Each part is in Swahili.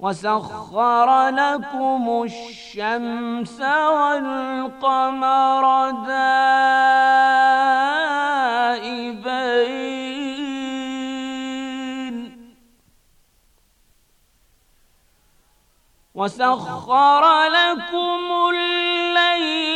وسخر لكم الشمس والقمر دائبين وسخر لكم الليل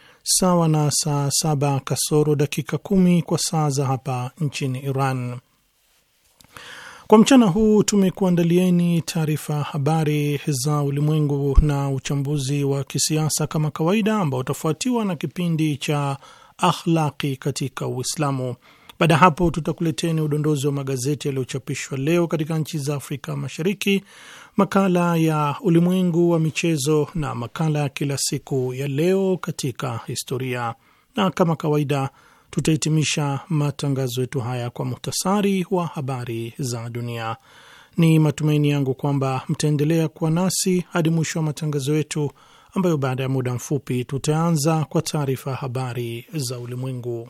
sawa na saa saba kasoro dakika kumi kwa saa za hapa nchini Iran. Kwa mchana huu tumekuandalieni taarifa habari za ulimwengu na uchambuzi wa kisiasa kama kawaida, ambao utafuatiwa na kipindi cha akhlaki katika Uislamu. Baada ya hapo, tutakuleteni udondozi wa magazeti yaliyochapishwa leo katika nchi za Afrika Mashariki, makala ya ulimwengu wa michezo na makala ya kila siku ya leo katika historia, na kama kawaida tutahitimisha matangazo yetu haya kwa muhtasari wa habari za dunia. Ni matumaini yangu kwamba mtaendelea kuwa nasi hadi mwisho wa matangazo yetu, ambayo baada ya muda mfupi tutaanza kwa taarifa habari za ulimwengu.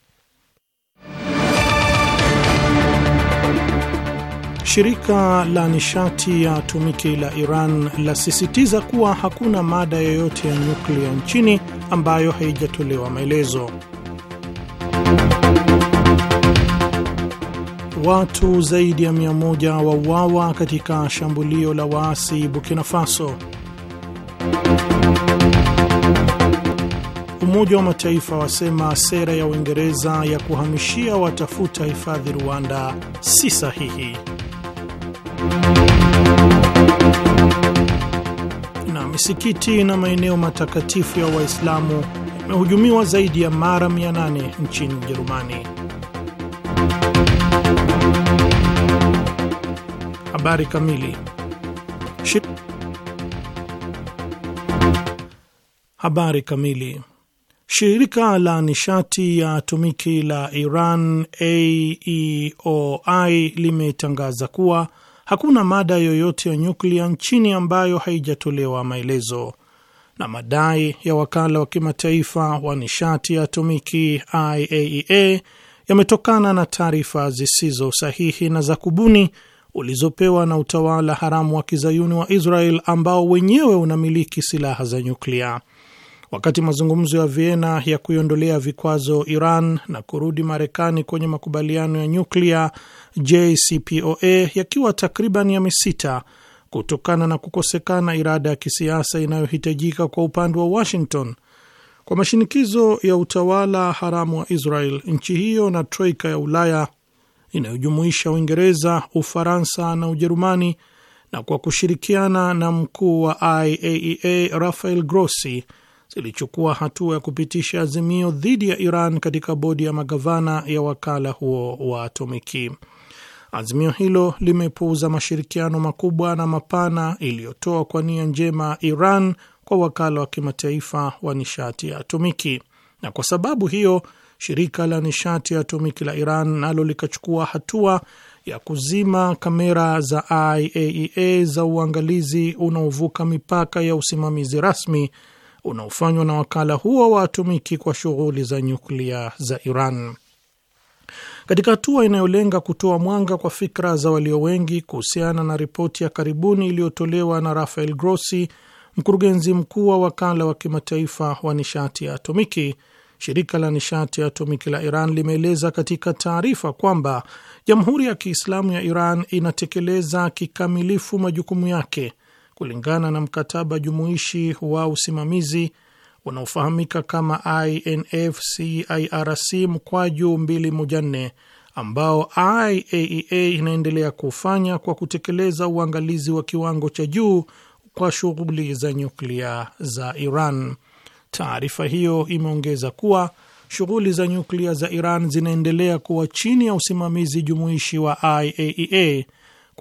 Shirika la nishati ya atomiki la Iran lasisitiza kuwa hakuna mada yoyote ya nyuklia nchini ambayo haijatolewa maelezo. Watu zaidi ya mia moja wauawa katika shambulio la waasi Burkina Faso. Umoja wa Mataifa wasema sera ya Uingereza ya kuhamishia watafuta hifadhi Rwanda si sahihi. Na misikiti na maeneo matakatifu ya Waislamu yamehujumiwa zaidi ya mara 800 nchini Ujerumani. Habari kamili. habari kamili. Shirika la nishati ya atomiki la Iran AEOI limetangaza kuwa Hakuna mada yoyote ya nyuklia nchini ambayo haijatolewa maelezo, na madai ya wakala wa kimataifa wa nishati ya atomiki IAEA e yametokana na taarifa zisizo sahihi na za kubuni ulizopewa na utawala haramu wa kizayuni wa Israel ambao wenyewe unamiliki silaha za nyuklia. Wakati mazungumzo ya Vienna ya kuiondolea vikwazo Iran na kurudi Marekani kwenye makubaliano ya nyuklia JCPOA yakiwa takriban misita kutokana na kukosekana irada ya kisiasa inayohitajika kwa upande wa Washington kwa mashinikizo ya utawala haramu wa Israel, nchi hiyo na troika ya Ulaya inayojumuisha Uingereza, Ufaransa na Ujerumani, na kwa kushirikiana na mkuu wa IAEA e Rafael Grossi zilichukua hatua ya kupitisha azimio dhidi ya Iran katika bodi ya magavana ya wakala huo wa atomiki. Azimio hilo limepuuza mashirikiano makubwa na mapana iliyotoa kwa nia njema Iran kwa wakala wa kimataifa wa nishati ya atomiki, na kwa sababu hiyo shirika la nishati ya atomiki la Iran nalo likachukua hatua ya kuzima kamera za IAEA e za uangalizi unaovuka mipaka ya usimamizi rasmi unaofanywa na wakala huo wa atomiki kwa shughuli za nyuklia za Iran. Katika hatua inayolenga kutoa mwanga kwa fikra za walio wengi kuhusiana na ripoti ya karibuni iliyotolewa na Rafael Grossi, mkurugenzi mkuu wa wakala wa kimataifa wa nishati ya atomiki, shirika la nishati ya atomiki la Iran limeeleza katika taarifa kwamba Jamhuri ya Kiislamu ya Iran inatekeleza kikamilifu majukumu yake kulingana na mkataba jumuishi wa usimamizi unaofahamika kama INFCIRC mkwaju 214 ambao IAEA e inaendelea kufanya kwa kutekeleza uangalizi wa kiwango cha juu kwa shughuli za nyuklia za Iran. Taarifa hiyo imeongeza kuwa shughuli za nyuklia za Iran zinaendelea kuwa chini ya usimamizi jumuishi wa IAEA e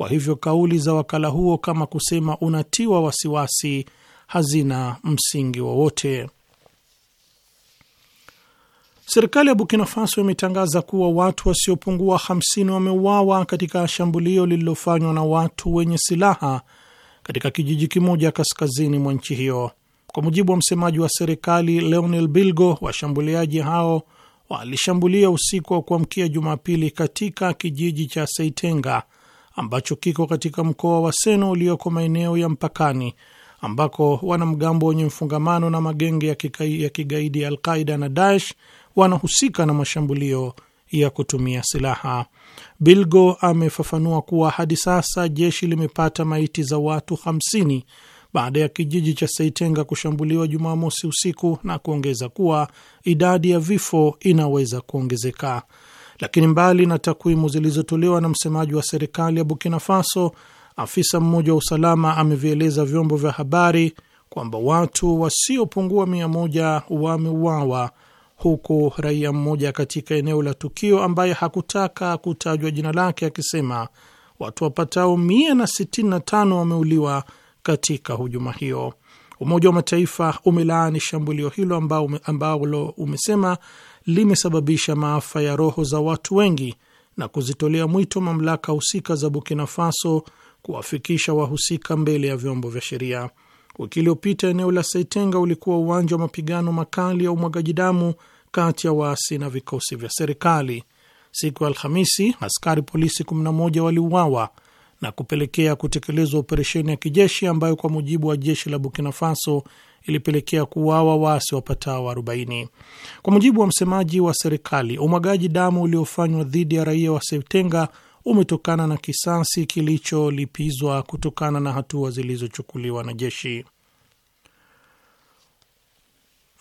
kwa hivyo kauli za wakala huo kama kusema unatiwa wasiwasi hazina msingi wowote. Serikali ya Burkina Faso imetangaza kuwa watu wasiopungua 50 wameuawa katika shambulio lililofanywa na watu wenye silaha katika kijiji kimoja kaskazini mwa nchi hiyo. Kwa mujibu wa msemaji wa serikali Leonel Bilgo, washambuliaji hao walishambulia usiku wa kuamkia Jumapili katika kijiji cha Seitenga ambacho kiko katika mkoa wa Seno ulioko maeneo ya mpakani ambako wanamgambo wenye mfungamano na magenge ya, kikai, ya kigaidi ya Alqaida na Daesh wanahusika na mashambulio ya kutumia silaha. Bilgo amefafanua kuwa hadi sasa jeshi limepata maiti za watu 50 baada ya kijiji cha seitenga kushambuliwa Jumamosi usiku na kuongeza kuwa idadi ya vifo inaweza kuongezeka. Lakini mbali na takwimu zilizotolewa na msemaji wa serikali ya Burkina Faso, afisa mmoja wa usalama amevieleza vyombo vya habari kwamba watu wasiopungua mia moja wameuawa huku raia mmoja katika eneo la tukio ambaye hakutaka kutajwa jina lake akisema watu wapatao 165 wameuliwa katika hujuma hiyo. Umoja wa Mataifa umelaani shambulio hilo ambalo umesema limesababisha maafa ya roho za watu wengi na kuzitolea mwito mamlaka husika za Burkina Faso kuwafikisha wahusika mbele ya vyombo vya sheria. Wiki iliyopita eneo la Seitenga ulikuwa uwanja wa mapigano makali ya umwagaji damu kati ya waasi na vikosi vya serikali. Siku ya Alhamisi, askari polisi 11 waliuawa na kupelekea kutekelezwa operesheni ya kijeshi ambayo kwa mujibu wa jeshi la Burkina Faso ilipelekea kuuawa waasi wapatao 40. Kwa mujibu wa msemaji wa serikali, umwagaji damu uliofanywa dhidi ya raia wa Septenga umetokana na kisasi kilicholipizwa kutokana na hatua zilizochukuliwa na jeshi.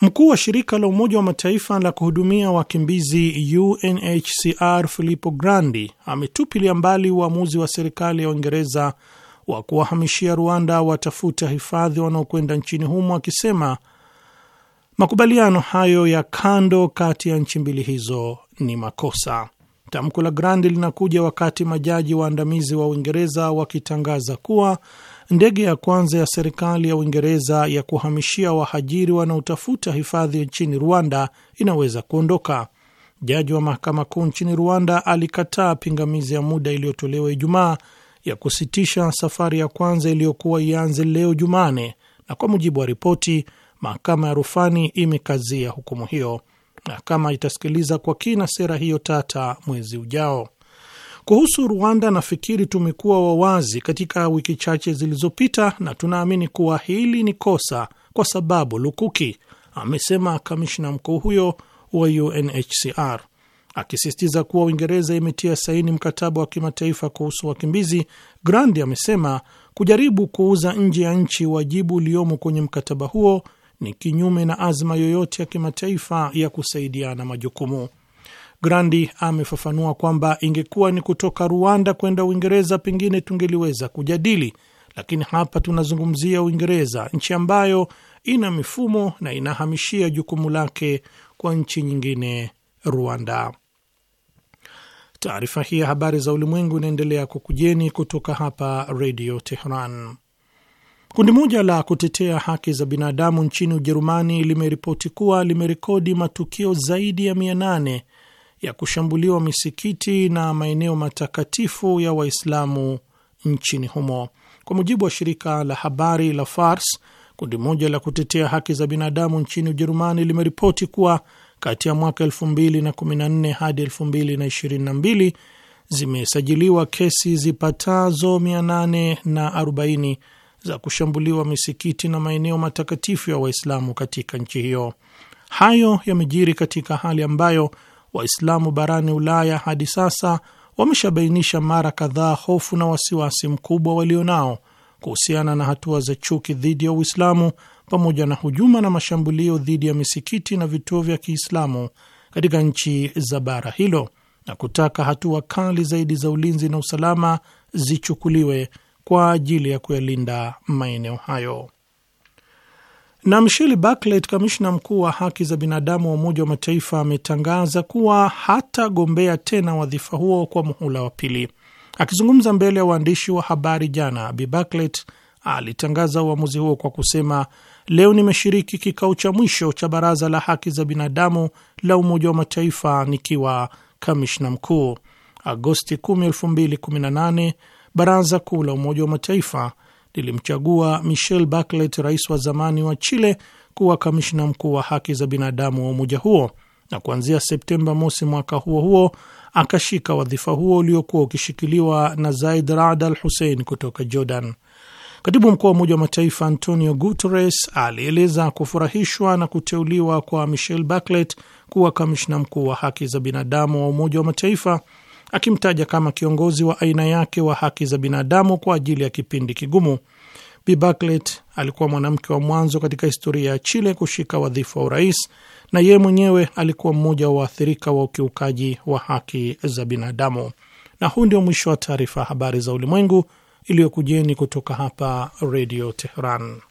Mkuu wa shirika la Umoja wa Mataifa la kuhudumia wakimbizi UNHCR Filippo Grandi ametupilia mbali uamuzi wa serikali ya Uingereza wa kuwahamishia Rwanda watafuta hifadhi wanaokwenda nchini humo, akisema makubaliano hayo ya kando kati ya nchi mbili hizo ni makosa. Tamko la Grandi linakuja wakati majaji waandamizi wa Uingereza wakitangaza kuwa ndege ya kwanza ya serikali ya Uingereza ya kuhamishia wahajiri wanaotafuta hifadhi nchini Rwanda inaweza kuondoka. Jaji wa mahakama kuu nchini Rwanda alikataa pingamizi ya muda iliyotolewa Ijumaa ya kusitisha safari ya kwanza iliyokuwa ianze leo Jumane, na kwa mujibu wa ripoti, mahakama ya rufani imekazia hukumu hiyo. Mahakama itasikiliza kwa kina sera hiyo tata mwezi ujao. Kuhusu Rwanda, nafikiri tumekuwa wawazi katika wiki chache zilizopita, na tunaamini kuwa hili ni kosa kwa sababu lukuki, amesema kamishna mkuu huyo wa UNHCR. Akisisitiza kuwa Uingereza imetia saini mkataba wa kimataifa kuhusu wakimbizi, Grandi amesema kujaribu kuuza nje ya nchi wajibu uliomo kwenye mkataba huo ni kinyume na azma yoyote ya kimataifa ya kusaidiana majukumu. Grandi amefafanua kwamba ingekuwa ni kutoka Rwanda kwenda Uingereza, pengine tungeliweza kujadili, lakini hapa tunazungumzia Uingereza, nchi ambayo ina mifumo na inahamishia jukumu lake kwa nchi nyingine Rwanda. Taarifa hii ya habari za ulimwengu inaendelea kukujeni kutoka hapa Redio Tehran. Kundi moja la kutetea haki za binadamu nchini Ujerumani limeripoti kuwa limerekodi matukio zaidi ya mia nane ya kushambuliwa misikiti na maeneo matakatifu ya Waislamu nchini humo. Kwa mujibu wa shirika la habari la Fars, kundi moja la kutetea haki za binadamu nchini Ujerumani limeripoti kuwa kati ya mwaka 2014 hadi 2022 zimesajiliwa kesi zipatazo 840 za kushambuliwa misikiti na maeneo matakatifu ya Waislamu katika nchi hiyo. Hayo yamejiri katika hali ambayo Waislamu barani Ulaya hadi sasa wameshabainisha mara kadhaa hofu na wasiwasi mkubwa walionao kuhusiana na hatua za chuki dhidi ya Uislamu pamoja na hujuma na mashambulio dhidi ya misikiti na vituo vya Kiislamu katika nchi za bara hilo na kutaka hatua kali zaidi za ulinzi na usalama zichukuliwe kwa ajili ya kuyalinda maeneo hayo. Na Michelle Bachelet, kamishna mkuu wa haki za binadamu wa Umoja wa Mataifa, ametangaza kuwa hatagombea tena wadhifa huo kwa muhula wa pili. Akizungumza mbele ya waandishi wa habari jana, Bi Bachelet alitangaza uamuzi huo kwa kusema leo nimeshiriki kikao cha mwisho cha Baraza la Haki za Binadamu la Umoja wa Mataifa nikiwa kamishna mkuu. Agosti 10, 2018 Baraza Kuu la Umoja wa Mataifa lilimchagua Michelle Bachelet, rais wa zamani wa Chile, kuwa kamishna mkuu wa haki za binadamu wa umoja huo, na kuanzia Septemba mosi mwaka huo huo akashika wadhifa huo uliokuwa ukishikiliwa na Zaid Raad Al Hussein kutoka Jordan. Katibu mkuu wa Umoja wa Mataifa Antonio Guterres alieleza kufurahishwa na kuteuliwa kwa Michelle Bachelet kuwa kamishna mkuu wa haki za binadamu wa Umoja wa Mataifa, akimtaja kama kiongozi wa aina yake wa haki za binadamu kwa ajili ya kipindi kigumu. Bi Bachelet alikuwa mwanamke wa mwanzo katika historia ya Chile kushika wadhifa wa urais na yeye mwenyewe alikuwa mmoja wa waathirika wa ukiukaji wa haki za binadamu. Na huu ndio mwisho wa taarifa ya habari za ulimwengu iliyokujeni kutoka hapa Redio Teheran.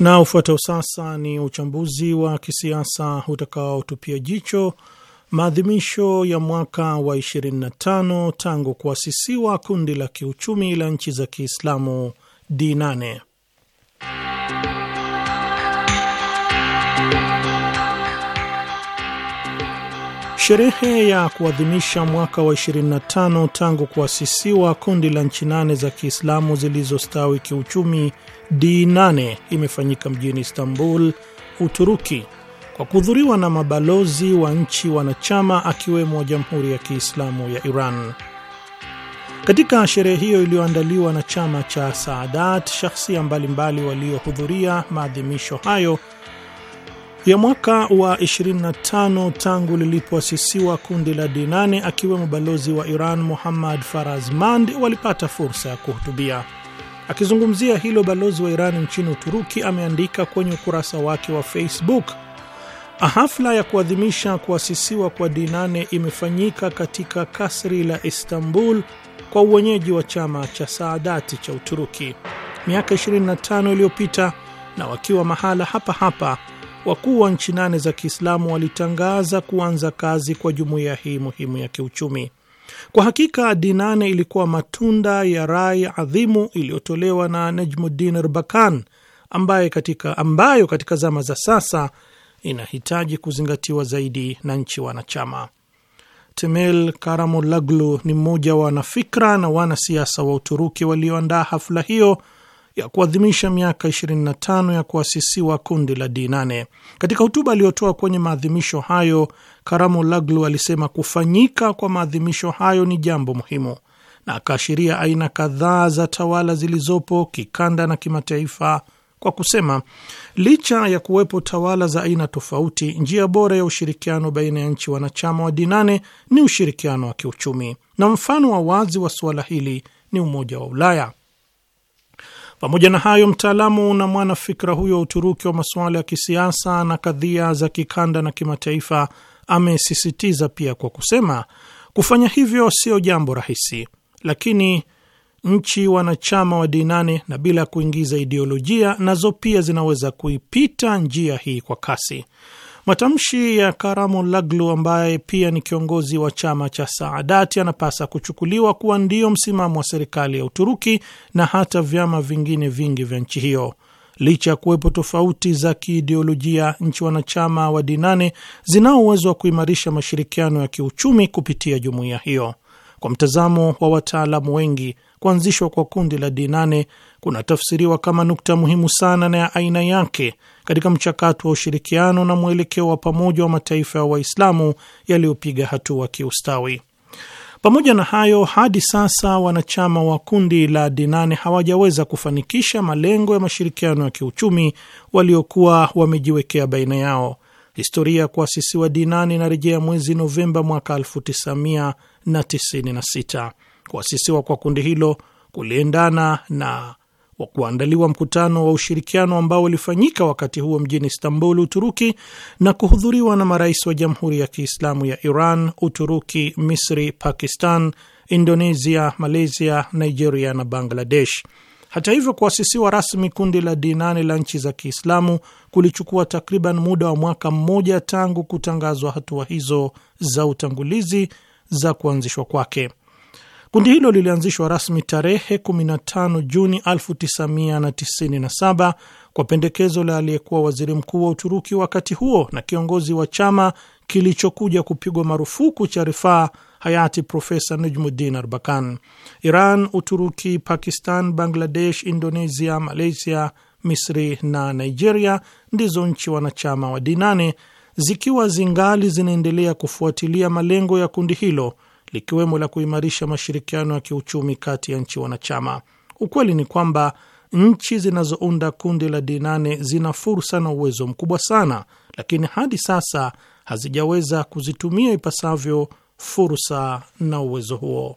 Na ufuatao sasa ni uchambuzi wa kisiasa utakaotupia jicho maadhimisho ya mwaka wa 25 tangu kuasisiwa kundi la kiuchumi la nchi za Kiislamu D8. Sherehe ya kuadhimisha mwaka wa 25 tangu kuasisiwa kundi la nchi nane za Kiislamu zilizostawi kiuchumi D8 imefanyika mjini Istanbul, Uturuki kwa kuhudhuriwa na mabalozi wa nchi wanachama akiwemo Jamhuri ya Kiislamu ya Iran. Katika sherehe hiyo iliyoandaliwa na chama cha Saadat, shakhsia mbalimbali waliohudhuria maadhimisho hayo ya mwaka wa 25 tangu lilipoasisiwa kundi la D8 akiwemo balozi wa Iran Muhammad Farazmand walipata fursa ya kuhutubia. Akizungumzia hilo, balozi wa Iran nchini Uturuki ameandika kwenye ukurasa wake wa Facebook Hafla ya kuadhimisha kuasisiwa kwa dinane imefanyika katika kasri la Istanbul kwa uwenyeji wa chama cha Saadati cha Uturuki miaka 25 iliyopita, na wakiwa mahala hapa hapa wakuu wa nchi nane za Kiislamu walitangaza kuanza kazi kwa jumuiya hii muhimu ya kiuchumi. Kwa hakika dinane ilikuwa matunda ya rai adhimu iliyotolewa na Najmuddin Erbakan ambayo katika, ambayo katika zama za sasa inahitaji kuzingatiwa zaidi na nchi wanachama. Temel karamolaglu ni mmoja wa wanafikra na wanasiasa wa Uturuki walioandaa hafla hiyo ya kuadhimisha miaka 25 ya kuasisiwa kundi la D8. Katika hotuba aliyotoa kwenye maadhimisho hayo, karamolaglu alisema kufanyika kwa maadhimisho hayo ni jambo muhimu, na akaashiria aina kadhaa za tawala zilizopo kikanda na kimataifa kwa kusema licha ya kuwepo tawala za aina tofauti, njia bora ya ushirikiano baina ya nchi wanachama wa dinane ni ushirikiano wa kiuchumi, na mfano wa wazi wa suala hili ni Umoja wa Ulaya. Pamoja na hayo, mtaalamu na mwanafikra huyo wa Uturuki wa masuala ya kisiasa na kadhia za kikanda na kimataifa amesisitiza pia kwa kusema, kufanya hivyo sio jambo rahisi, lakini nchi wanachama wa D8 na bila kuingiza ideolojia, nazo pia zinaweza kuipita njia hii kwa kasi. Matamshi ya karamo laglu ambaye pia ni kiongozi wa chama cha Saadati anapasa kuchukuliwa kuwa ndio msimamo wa serikali ya Uturuki na hata vyama vingine vingi vya nchi hiyo. Licha ya kuwepo tofauti za kiideolojia, nchi wanachama wa D8 zinao uwezo wa kuimarisha mashirikiano ya kiuchumi kupitia jumuiya hiyo. Kwa mtazamo wa wataalamu wengi, kuanzishwa kwa kundi la D8 kunatafsiriwa kama nukta muhimu sana na ya aina yake katika mchakato wa ushirikiano na mwelekeo wa pamoja wa mataifa ya Waislamu yaliyopiga hatua kiustawi. Pamoja na hayo, hadi sasa wanachama wa kundi la D8 hawajaweza kufanikisha malengo ya mashirikiano ya kiuchumi waliokuwa wamejiwekea baina yao. Historia ya kuasisiwa D8 inarejea mwezi Novemba mwaka 1996. Kuasisiwa kwa kundi hilo kuliendana na wa kuandaliwa mkutano wa ushirikiano ambao ulifanyika wakati huo mjini Istanbul, Uturuki, na kuhudhuriwa na marais wa Jamhuri ya Kiislamu ya Iran, Uturuki, Misri, Pakistan, Indonesia, Malaysia, Nigeria na Bangladesh. Hata hivyo, kuasisiwa rasmi kundi la dinani la nchi za Kiislamu kulichukua takriban muda wa mwaka mmoja tangu kutangazwa hatua hizo za utangulizi za kuanzishwa kwake. Kundi hilo lilianzishwa rasmi tarehe 15 Juni 1997 kwa pendekezo la aliyekuwa waziri mkuu wa Uturuki wakati huo na kiongozi wa chama kilichokuja kupigwa marufuku cha Rifaa hayati Profesa Najmuddin Arbakan. Iran, Uturuki, Pakistan, Bangladesh, Indonesia, Malaysia, Misri na Nigeria ndizo nchi wanachama wa D8 zikiwa zingali zinaendelea kufuatilia malengo ya kundi hilo likiwemo la kuimarisha mashirikiano ya kiuchumi kati ya nchi wanachama. Ukweli ni kwamba nchi zinazounda kundi la D8 zina fursa na uwezo mkubwa sana, lakini hadi sasa hazijaweza kuzitumia ipasavyo fursa na uwezo huo.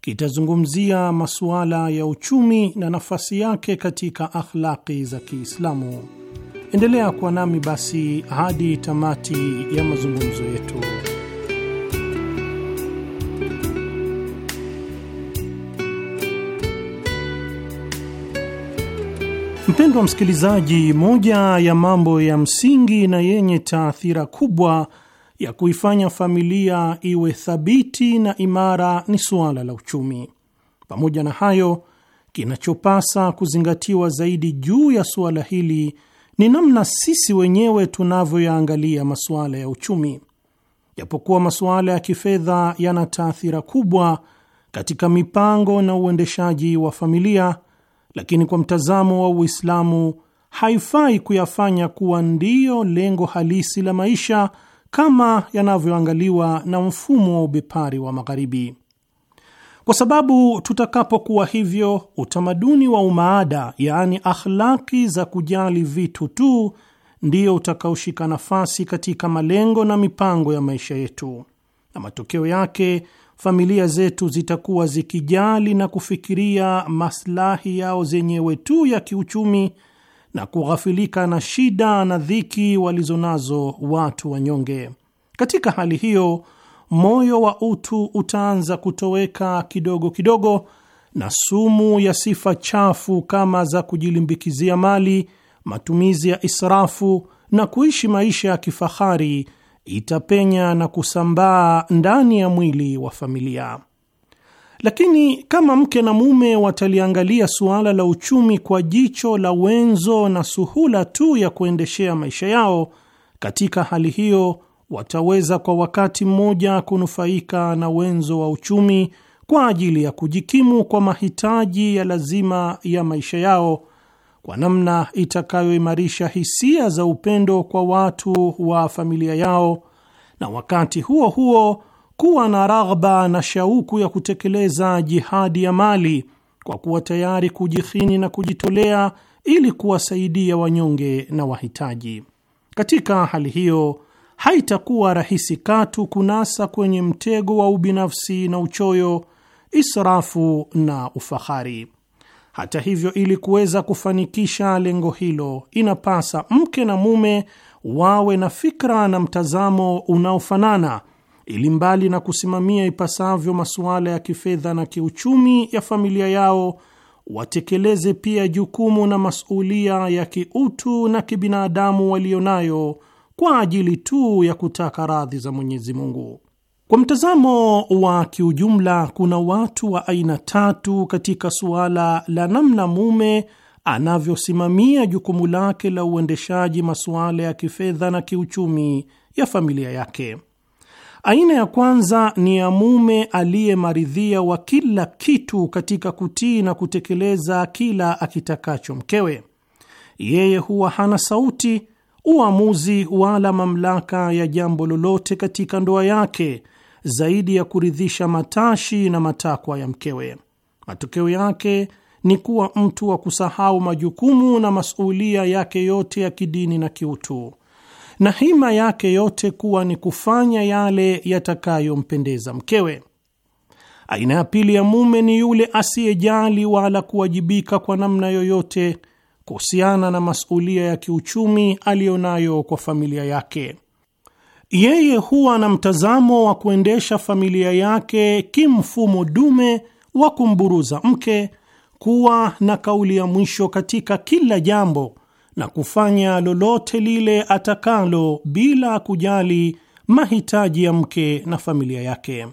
kitazungumzia masuala ya uchumi na nafasi yake katika akhlaki za Kiislamu. Endelea kuwa nami basi hadi tamati ya mazungumzo yetu. Mpendwa msikilizaji, moja ya mambo ya msingi na yenye taathira kubwa ya kuifanya familia iwe thabiti na imara ni suala la uchumi. Pamoja na hayo, kinachopasa kuzingatiwa zaidi juu ya suala hili ni namna sisi wenyewe tunavyoyaangalia masuala ya uchumi. Japokuwa masuala ya kifedha yana taathira kubwa katika mipango na uendeshaji wa familia, lakini kwa mtazamo wa Uislamu haifai kuyafanya kuwa ndiyo lengo halisi la maisha kama yanavyoangaliwa na mfumo wa ubepari wa Magharibi, kwa sababu tutakapokuwa hivyo, utamaduni wa umaada, yaani akhlaki za kujali vitu tu, ndio utakaoshika nafasi katika malengo na mipango ya maisha yetu, na matokeo yake familia zetu zitakuwa zikijali na kufikiria maslahi yao zenyewe tu ya kiuchumi na kughafilika na shida na dhiki walizonazo watu wanyonge. Katika hali hiyo, moyo wa utu utaanza kutoweka kidogo kidogo, na sumu ya sifa chafu kama za kujilimbikizia mali, matumizi ya israfu na kuishi maisha ya kifahari itapenya na kusambaa ndani ya mwili wa familia. Lakini kama mke na mume wataliangalia suala la uchumi kwa jicho la wenzo na suhula tu ya kuendeshea maisha yao, katika hali hiyo wataweza kwa wakati mmoja kunufaika na wenzo wa uchumi kwa ajili ya kujikimu kwa mahitaji ya lazima ya maisha yao kwa namna itakayoimarisha hisia za upendo kwa watu wa familia yao, na wakati huo huo kuwa na raghba na shauku ya kutekeleza jihadi ya mali kwa kuwa tayari kujihini na kujitolea ili kuwasaidia wanyonge na wahitaji. Katika hali hiyo, haitakuwa rahisi katu kunasa kwenye mtego wa ubinafsi na uchoyo, israfu na ufahari. Hata hivyo, ili kuweza kufanikisha lengo hilo, inapasa mke na mume wawe na fikra na mtazamo unaofanana ili mbali na kusimamia ipasavyo masuala ya kifedha na kiuchumi ya familia yao, watekeleze pia jukumu na masulia ya kiutu na kibinadamu walionayo kwa ajili tu ya kutaka radhi za Mwenyezi Mungu. Kwa mtazamo wa kiujumla, kuna watu wa aina tatu katika suala la namna mume anavyosimamia jukumu lake la uendeshaji masuala ya kifedha na kiuchumi ya familia yake. Aina ya kwanza ni ya mume aliyemaridhia wa kila kitu katika kutii na kutekeleza kila akitakacho mkewe. Yeye huwa hana sauti, uamuzi wala mamlaka ya jambo lolote katika ndoa yake zaidi ya kuridhisha matashi na matakwa ya mkewe. Matokeo yake ni kuwa mtu wa kusahau majukumu na masuulia yake yote ya kidini na kiutu na hima yake yote kuwa ni kufanya yale yatakayompendeza mkewe. Aina ya pili ya mume ni yule asiyejali wala kuwajibika kwa namna yoyote kuhusiana na masulia ya kiuchumi aliyonayo kwa familia yake. Yeye huwa na mtazamo wa kuendesha familia yake kimfumo dume wa kumburuza mke, kuwa na kauli ya mwisho katika kila jambo na kufanya lolote lile atakalo bila kujali mahitaji ya mke na familia yake.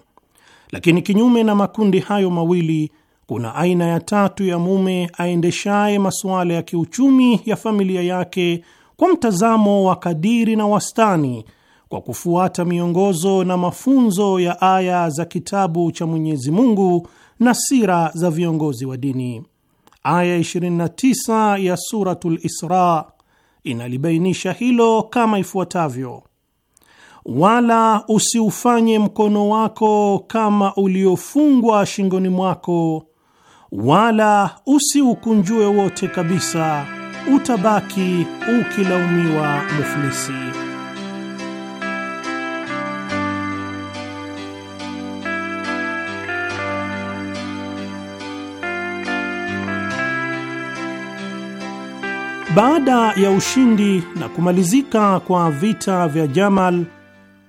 Lakini kinyume na makundi hayo mawili, kuna aina ya tatu ya mume aendeshaye masuala ya kiuchumi ya familia yake kwa mtazamo wa kadiri na wastani, kwa kufuata miongozo na mafunzo ya aya za kitabu cha Mwenyezi Mungu na sira za viongozi wa dini. Aya 29 ya Suratul Isra inalibainisha hilo kama ifuatavyo: wala usiufanye mkono wako kama uliofungwa shingoni mwako, wala usiukunjue wote kabisa, utabaki ukilaumiwa muflisi. Baada ya ushindi na kumalizika kwa vita vya Jamal,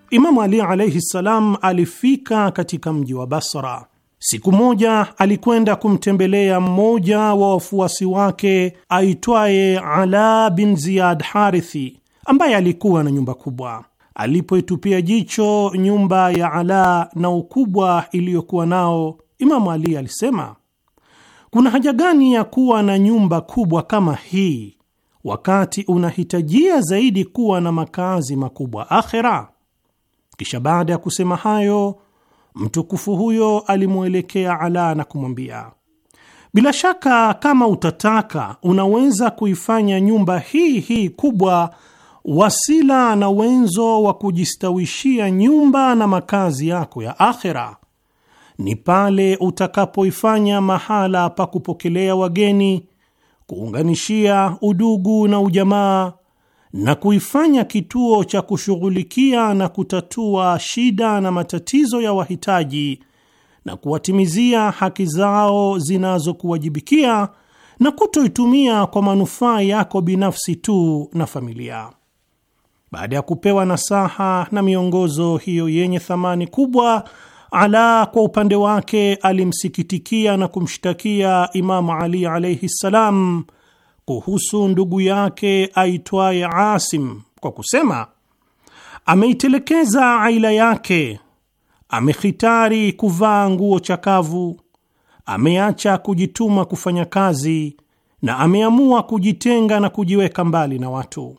Imamu Ali alaihi ssalam alifika katika mji wa Basra. Siku moja alikwenda kumtembelea mmoja wa wafuasi wake aitwaye Ala bin Ziyad Harithi, ambaye alikuwa na nyumba kubwa. Alipoitupia jicho nyumba ya Ala na ukubwa iliyokuwa nao, Imamu Ali alisema, kuna haja gani ya kuwa na nyumba kubwa kama hii wakati unahitajia zaidi kuwa na makazi makubwa akhera. Kisha baada ya kusema hayo, mtukufu huyo alimwelekea Ala na kumwambia, bila shaka kama utataka unaweza kuifanya nyumba hii hii kubwa wasila na wenzo wa kujistawishia nyumba na makazi yako ya akhera ni pale utakapoifanya mahala pa kupokelea wageni kuunganishia udugu na ujamaa na kuifanya kituo cha kushughulikia na kutatua shida na matatizo ya wahitaji na kuwatimizia haki zao zinazokuwajibikia na kutoitumia kwa manufaa yako binafsi tu na familia. Baada ya kupewa nasaha na miongozo hiyo yenye thamani kubwa Ala kwa upande wake alimsikitikia na kumshtakia Imamu Ali alaihi ssalam kuhusu ndugu yake aitwaye Asim kwa kusema ameitelekeza aila yake, amehitari kuvaa nguo chakavu, ameacha kujituma kufanya kazi na ameamua kujitenga na kujiweka mbali na watu.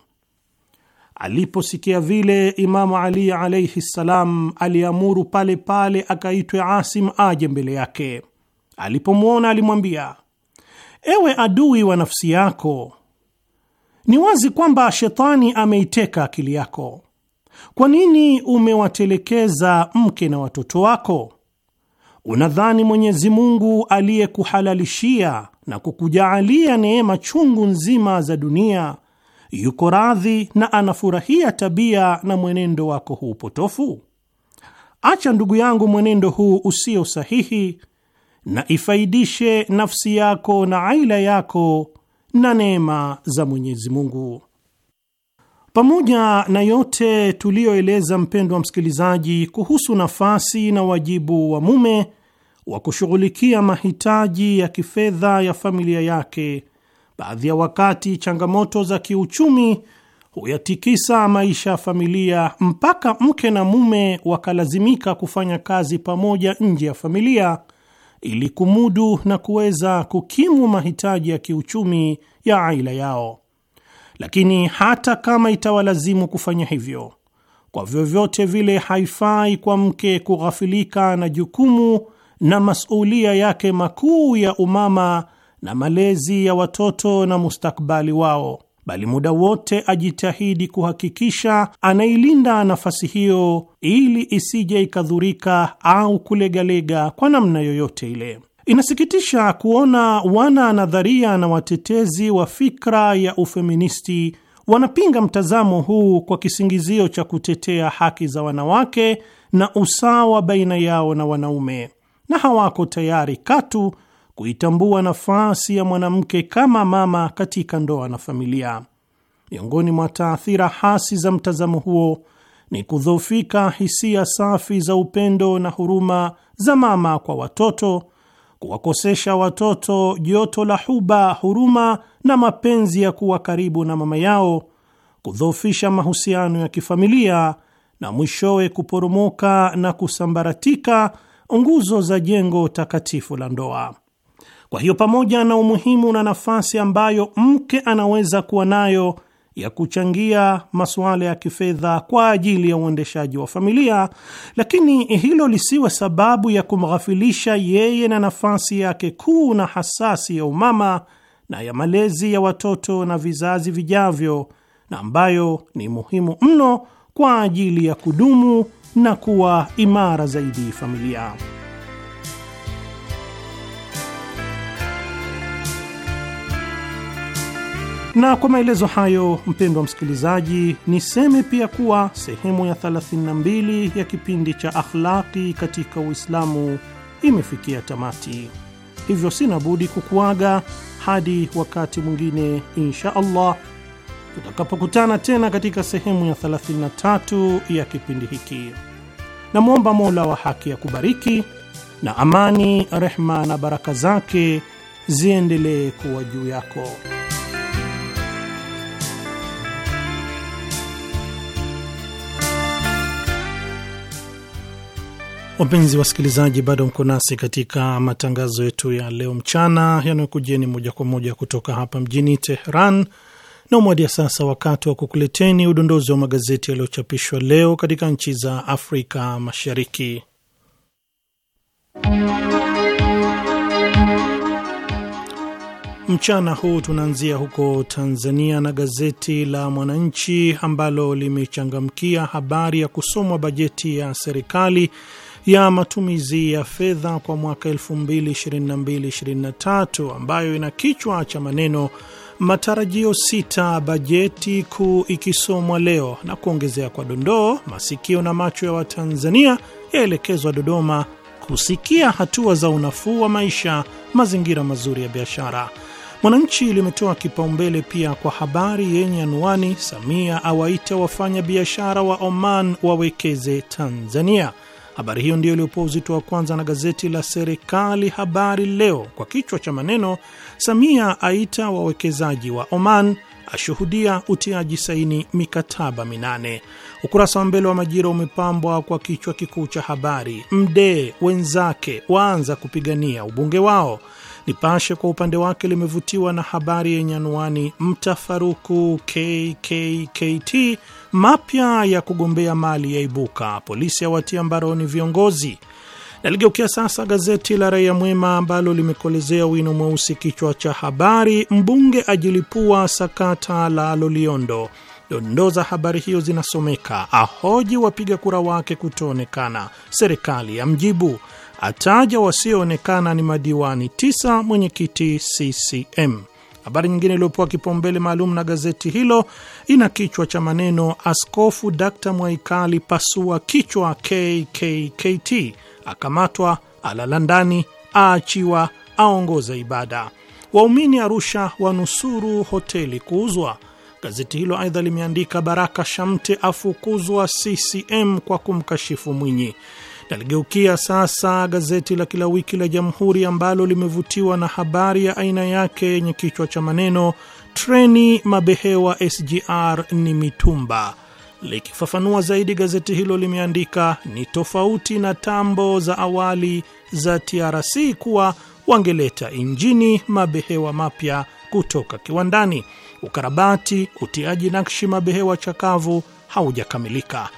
Aliposikia vile, Imamu Ali alaihi ssalam aliamuru pale pale akaitwe Asim aje mbele yake. Alipomwona alimwambia, ewe adui wa nafsi yako, ni wazi kwamba shetani ameiteka akili yako. Kwa nini umewatelekeza mke na watoto wako? Unadhani Mwenyezi Mungu aliyekuhalalishia na kukujaalia neema chungu nzima za dunia yuko radhi na anafurahia tabia na mwenendo wako huu potofu? Acha ndugu yangu mwenendo huu usio sahihi na ifaidishe nafsi yako na aila yako na neema za Mwenyezi Mungu. Pamoja na yote tuliyoeleza, mpendwa msikilizaji, kuhusu nafasi na wajibu wa mume wa kushughulikia mahitaji ya kifedha ya familia yake baadhi ya wakati changamoto za kiuchumi huyatikisa maisha ya familia mpaka mke na mume wakalazimika kufanya kazi pamoja nje ya familia ili kumudu na kuweza kukimu mahitaji ya kiuchumi ya aila yao. Lakini hata kama itawalazimu kufanya hivyo, kwa vyovyote vile haifai kwa mke kughafilika na jukumu na masulia yake makuu ya umama na malezi ya watoto na mustakbali wao, bali muda wote ajitahidi kuhakikisha anailinda nafasi hiyo ili isije ikadhurika au kulegalega kwa namna yoyote ile. Inasikitisha kuona wana nadharia na watetezi wa fikra ya ufeministi wanapinga mtazamo huu kwa kisingizio cha kutetea haki za wanawake na usawa baina yao na wanaume, na hawako tayari katu kuitambua nafasi ya mwanamke kama mama katika ndoa na familia. Miongoni mwa taathira hasi za mtazamo huo ni kudhoofika hisia safi za upendo na huruma za mama kwa watoto, kuwakosesha watoto joto la huba, huruma na mapenzi ya kuwa karibu na mama yao, kudhoofisha mahusiano ya kifamilia na mwishowe kuporomoka na kusambaratika nguzo za jengo takatifu la ndoa. Kwa hiyo pamoja na umuhimu na nafasi ambayo mke anaweza kuwa nayo ya kuchangia masuala ya kifedha kwa ajili ya uendeshaji wa familia, lakini hilo lisiwe sababu ya kumghafilisha yeye na nafasi yake kuu na hasasi ya umama na ya malezi ya watoto na vizazi vijavyo, na ambayo ni muhimu mno kwa ajili ya kudumu na kuwa imara zaidi familia. Na kwa maelezo hayo, mpendwa msikilizaji, niseme pia kuwa sehemu ya 32 ya kipindi cha Akhlaqi katika Uislamu imefikia tamati, hivyo sina budi kukuaga hadi wakati mwingine insha Allah tutakapokutana tena katika sehemu ya 33 ya kipindi hiki. Namwomba Mola wa haki ya kubariki na amani, rehma na baraka zake ziendelee kuwa juu yako. Wapenzi wasikilizaji, bado mko nasi katika matangazo yetu ya leo mchana yanayokujieni moja kwa moja kutoka hapa mjini Teheran na umwadia sasa, wakati wa kukuleteni udondozi wa magazeti yaliyochapishwa leo katika nchi za Afrika Mashariki. Mchana huu tunaanzia huko Tanzania na gazeti la Mwananchi ambalo limechangamkia habari ya kusomwa bajeti ya serikali ya matumizi ya fedha kwa mwaka 2022 ambayo ina kichwa cha maneno matarajio sita, bajeti kuu ikisomwa leo, na kuongezea kwa dondoo, masikio na macho ya Watanzania yaelekezwa Dodoma kusikia hatua za unafuu wa maisha, mazingira mazuri ya biashara. Mwananchi limetoa kipaumbele pia kwa habari yenye anwani, Samia awaita wafanya biashara wa Oman wawekeze Tanzania. Habari hiyo ndiyo iliyopoa uzito wa kwanza na gazeti la serikali Habari Leo kwa kichwa cha maneno, Samia aita wawekezaji wa Oman, ashuhudia utiaji saini mikataba minane. Ukurasa wa mbele wa Majira umepambwa kwa kichwa kikuu cha habari, Mdee wenzake waanza kupigania ubunge wao Nipashe kwa upande wake limevutiwa na habari yenye anwani mtafaruku KKKT mapya ya kugombea mali ya ibuka, polisi awatia mbaroni viongozi. Naligeukia sasa gazeti la Raia Mwema ambalo limekolezea wino mweusi kichwa cha habari, mbunge ajilipua sakata la Loliondo. Dondoo za habari hiyo zinasomeka: ahoji wapiga kura wake kutoonekana, serikali ya mjibu ataja wasioonekana ni madiwani tisa, mwenyekiti CCM. Habari nyingine iliyopewa kipaumbele maalum na gazeti hilo ina kichwa cha maneno Askofu d Mwaikali pasua kichwa KKKT, akamatwa, alala ndani, aachiwa, aongoza ibada. Waumini Arusha wanusuru hoteli kuuzwa. Gazeti hilo aidha limeandika Baraka Shamte afukuzwa CCM kwa kumkashifu Mwinyi. Naligeukia sasa gazeti la kila wiki la Jamhuri ambalo limevutiwa na habari ya aina yake yenye kichwa cha maneno treni mabehewa SGR ni mitumba. Likifafanua zaidi, gazeti hilo limeandika ni tofauti na tambo za awali za TRC kuwa wangeleta injini mabehewa mapya kutoka kiwandani. Ukarabati, utiaji nakshi mabehewa chakavu haujakamilika.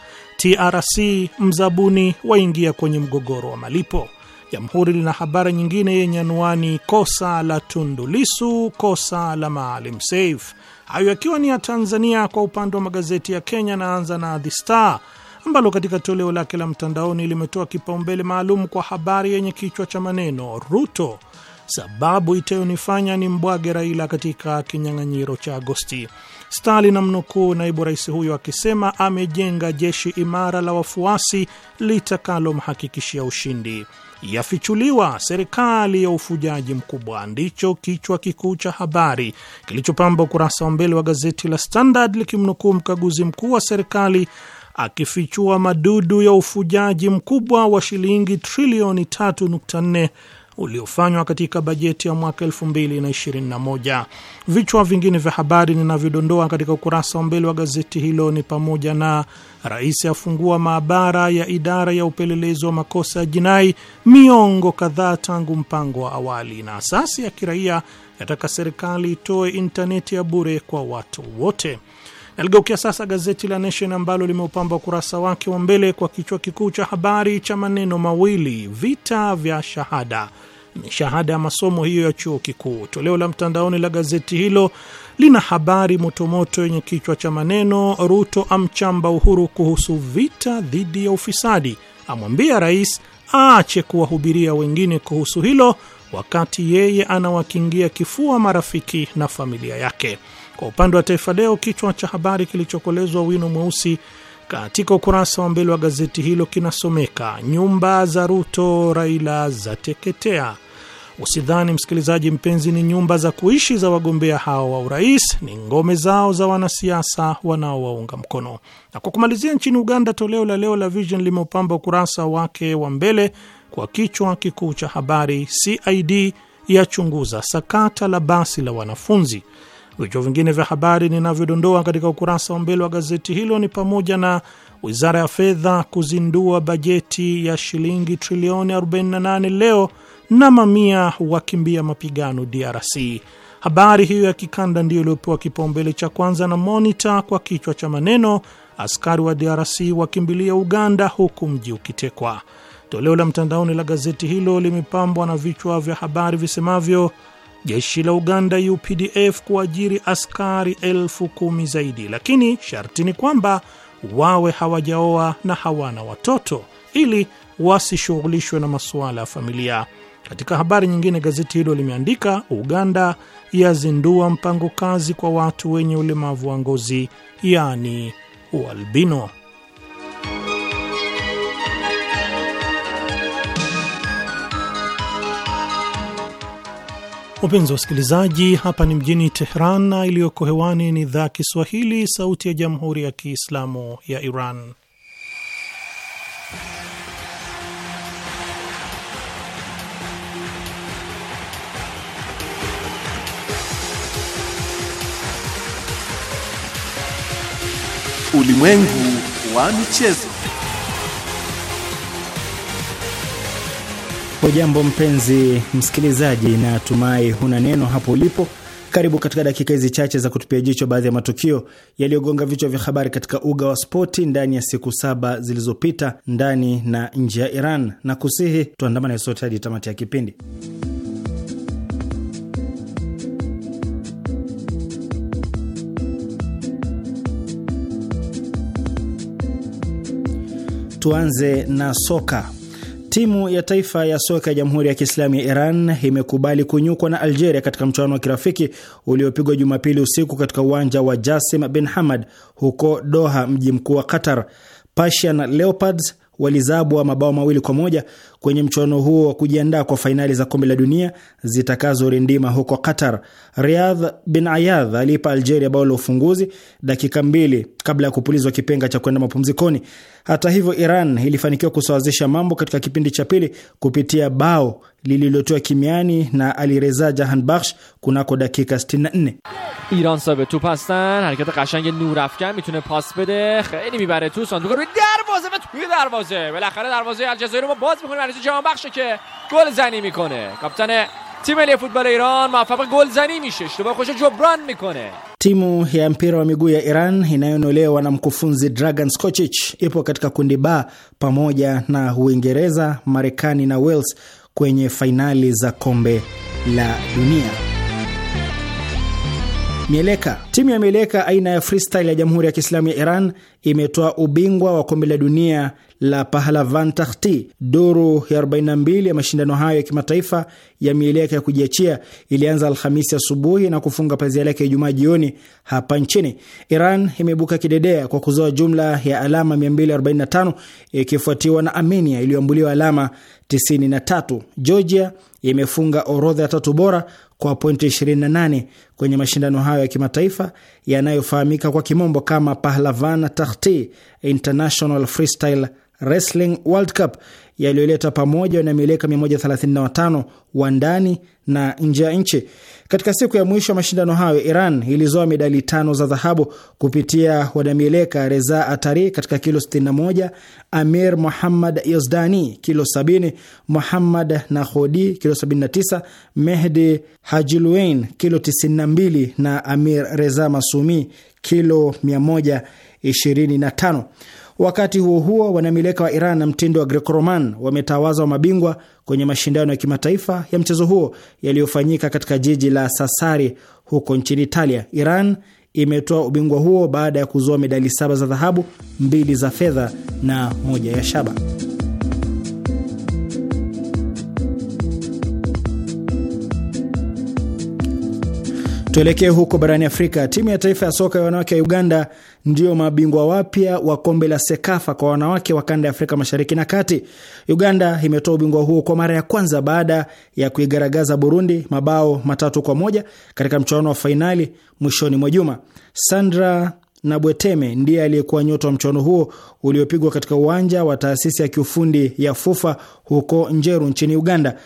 TRC mzabuni waingia kwenye mgogoro wa malipo. Jamhuri lina habari nyingine yenye anwani kosa la Tundu Lisu, kosa la Maalim Seif. Hayo yakiwa ni ya Tanzania. Kwa upande wa magazeti ya Kenya, naanza na The Star ambalo katika toleo lake la mtandaoni limetoa kipaumbele maalum kwa habari yenye kichwa cha maneno Ruto, sababu itayonifanya ni mbwage Raila katika kinyang'anyiro cha Agosti. Stalin amnukuu naibu rais huyo akisema amejenga jeshi imara la wafuasi litakalomhakikishia ushindi. Yafichuliwa serikali ya ufujaji mkubwa, ndicho kichwa kikuu cha habari kilichopamba ukurasa wa mbele wa gazeti la Standard likimnukuu mkaguzi mkuu wa serikali akifichua madudu ya ufujaji mkubwa wa shilingi trilioni 3.4 uliofanywa katika bajeti ya mwaka 2021. Vichwa vingine vya habari ninavyodondoa katika ukurasa wa mbele wa gazeti hilo ni pamoja na rais afungua maabara ya idara ya upelelezi wa makosa ya jinai miongo kadhaa tangu mpango wa awali, na asasi ya kiraia yataka serikali itoe intaneti ya bure kwa watu wote. Naligeukia sasa gazeti la Nation ambalo limeupamba ukurasa wake wa mbele kwa kichwa kikuu cha habari cha maneno mawili, vita vya shahada. Ni shahada ya masomo hiyo ya chuo kikuu. Toleo la mtandaoni la gazeti hilo lina habari motomoto yenye kichwa cha maneno, Ruto amchamba Uhuru kuhusu vita dhidi ya ufisadi, amwambia rais aache kuwahubiria wengine kuhusu hilo wakati yeye anawakingia kifua marafiki na familia yake. Kwa upande wa Taifa Leo, kichwa cha habari kilichokolezwa wino mweusi katika ukurasa wa mbele wa gazeti hilo kinasomeka nyumba za Ruto Raila zateketea. Usidhani msikilizaji mpenzi, ni nyumba za kuishi za wagombea hao wa urais, ni ngome zao za wanasiasa wanaowaunga mkono. Na kwa kumalizia, nchini Uganda, toleo la leo la Vision limeupamba ukurasa wake wa mbele kwa kichwa kikuu cha habari, CID yachunguza sakata la basi la wanafunzi. Vichwa vingine vya habari ninavyodondoa katika ukurasa wa mbele wa gazeti hilo ni pamoja na wizara ya fedha kuzindua bajeti ya shilingi trilioni 48 leo na mamia wakimbia mapigano DRC. Habari hiyo ya kikanda ndiyo iliyopewa kipaumbele cha kwanza na Monitor kwa kichwa cha maneno askari wa DRC wakimbilia Uganda huku mji ukitekwa. Toleo la mtandaoni la gazeti hilo limepambwa na vichwa vya habari visemavyo jeshi la Uganda UPDF kuajiri askari elfu kumi zaidi, lakini sharti ni kwamba wawe hawajaoa na hawana watoto ili wasishughulishwe na masuala ya familia. Katika habari nyingine, gazeti hilo limeandika Uganda yazindua mpango kazi kwa watu wenye ulemavu wa ngozi, yaani ualbino. Wapenzi wa wasikilizaji, hapa ni mjini Tehran na iliyoko hewani ni idhaa Kiswahili sauti ya jamhuri ya Kiislamu ya Iran. Ulimwengu wa michezo. Hujambo mpenzi msikilizaji, na tumai huna neno hapo ulipo. Karibu katika dakika hizi chache za kutupia jicho baadhi ya matukio yaliyogonga vichwa vya habari katika uga wa spoti ndani ya siku saba zilizopita ndani na nje ya Iran, na kusihi tuandamane sote hadi tamati ya kipindi. Tuanze na soka. Timu ya taifa ya soka ya Jamhuri ya Kiislamu ya Iran imekubali kunyukwa na Algeria katika mchuano wa kirafiki uliopigwa Jumapili usiku katika uwanja wa Jasim bin Hamad huko Doha, mji mkuu wa Qatar. Persian Leopards walizabwa mabao mawili kwa moja kwenye mchuano huo wa kujiandaa kwa fainali za kombe la dunia zitakazorindima huko Qatar. Riyadh bin Ayadh aliipa Algeria bao la ufunguzi dakika mbili kabla ya kupulizwa kipenga cha kwenda mapumzikoni. Hata hivyo, Iran ilifanikiwa kusawazisha mambo katika kipindi cha pili kupitia bao lililotoa kimiani na Alireza Jahanbakhsh kunako dakika 64. Iran sabe harakat qashang nur afkan mitune pas bede kheli mibare tu sanduq ro darvaze va tu darvaze darvaze Aljazair baz فرید جهان بخشه که گل زنی میکنه کاپیتان تیم ملی فوتبال ایران موفق گل زنی میشه اشتباه خوش جبران میکنه Timu ya mpira wa miguu ya Iran inayonolewa na mkufunzi Dragan Skocic ipo katika kundi ba pamoja na Uingereza, Marekani na Wales kwenye fainali za kombe la dunia. Mieleka. Timu ya mieleka aina ya freestyle ya Jamhuri ya Kiislamu ya Iran imetoa ubingwa wa kombe la dunia la Pahlavan Takhti. Duru ya 42 ya mashindano hayo ya kimataifa ya mieleka ya kujiachia ilianza Alhamisi asubuhi na kufunga pazia lake Ijumaa jioni hapa nchini. Iran imebuka kidedea kwa kuzoa jumla ya alama 245 ikifuatiwa na Armenia iliyoambuliwa alama 93. Georgia imefunga orodha ya tatu bora kwa pointi 28 kwenye mashindano hayo ya kimataifa yanayofahamika kwa kimombo kama Pahlavan Takhti International Freestyle Wrestling World Cup yaliyoleta pamoja wanamieleka 135 wa ndani na nje ya nchi. Katika siku ya mwisho ya mashindano hayo, Iran ilizoa medali tano za dhahabu kupitia wanamieleka Reza Atari katika kilo 61, Amir Muhammad Yazdani kilo 70, Muhammad Nahodi kilo 79, Mehdi hajiluein kilo 92 na Amir Reza Masumi kilo 125. Wakati huo huo, wanamileka wa Iran na mtindo wa Greco-Roman wametawaza wa mabingwa kwenye mashindano ya kimataifa ya mchezo huo yaliyofanyika katika jiji la Sassari huko nchini Italia. Iran imetoa ubingwa huo baada ya kuzoa medali saba za dhahabu, mbili za fedha na moja ya shaba. Tuelekee huko barani Afrika. Timu ya taifa ya soka ya wanawake ya Uganda ndiyo mabingwa wapya wa kombe la SEKAFA kwa wanawake wa kanda ya Afrika mashariki na kati. Uganda imetoa ubingwa huo kwa mara ya kwanza baada ya kuigaragaza Burundi mabao matatu kwa moja katika mchuano wa fainali mwishoni mwa juma. Sandra Nabweteme ndiye aliyekuwa nyota wa mchuano huo uliopigwa katika uwanja wa taasisi ya kiufundi ya FUFA huko Njeru nchini Uganda.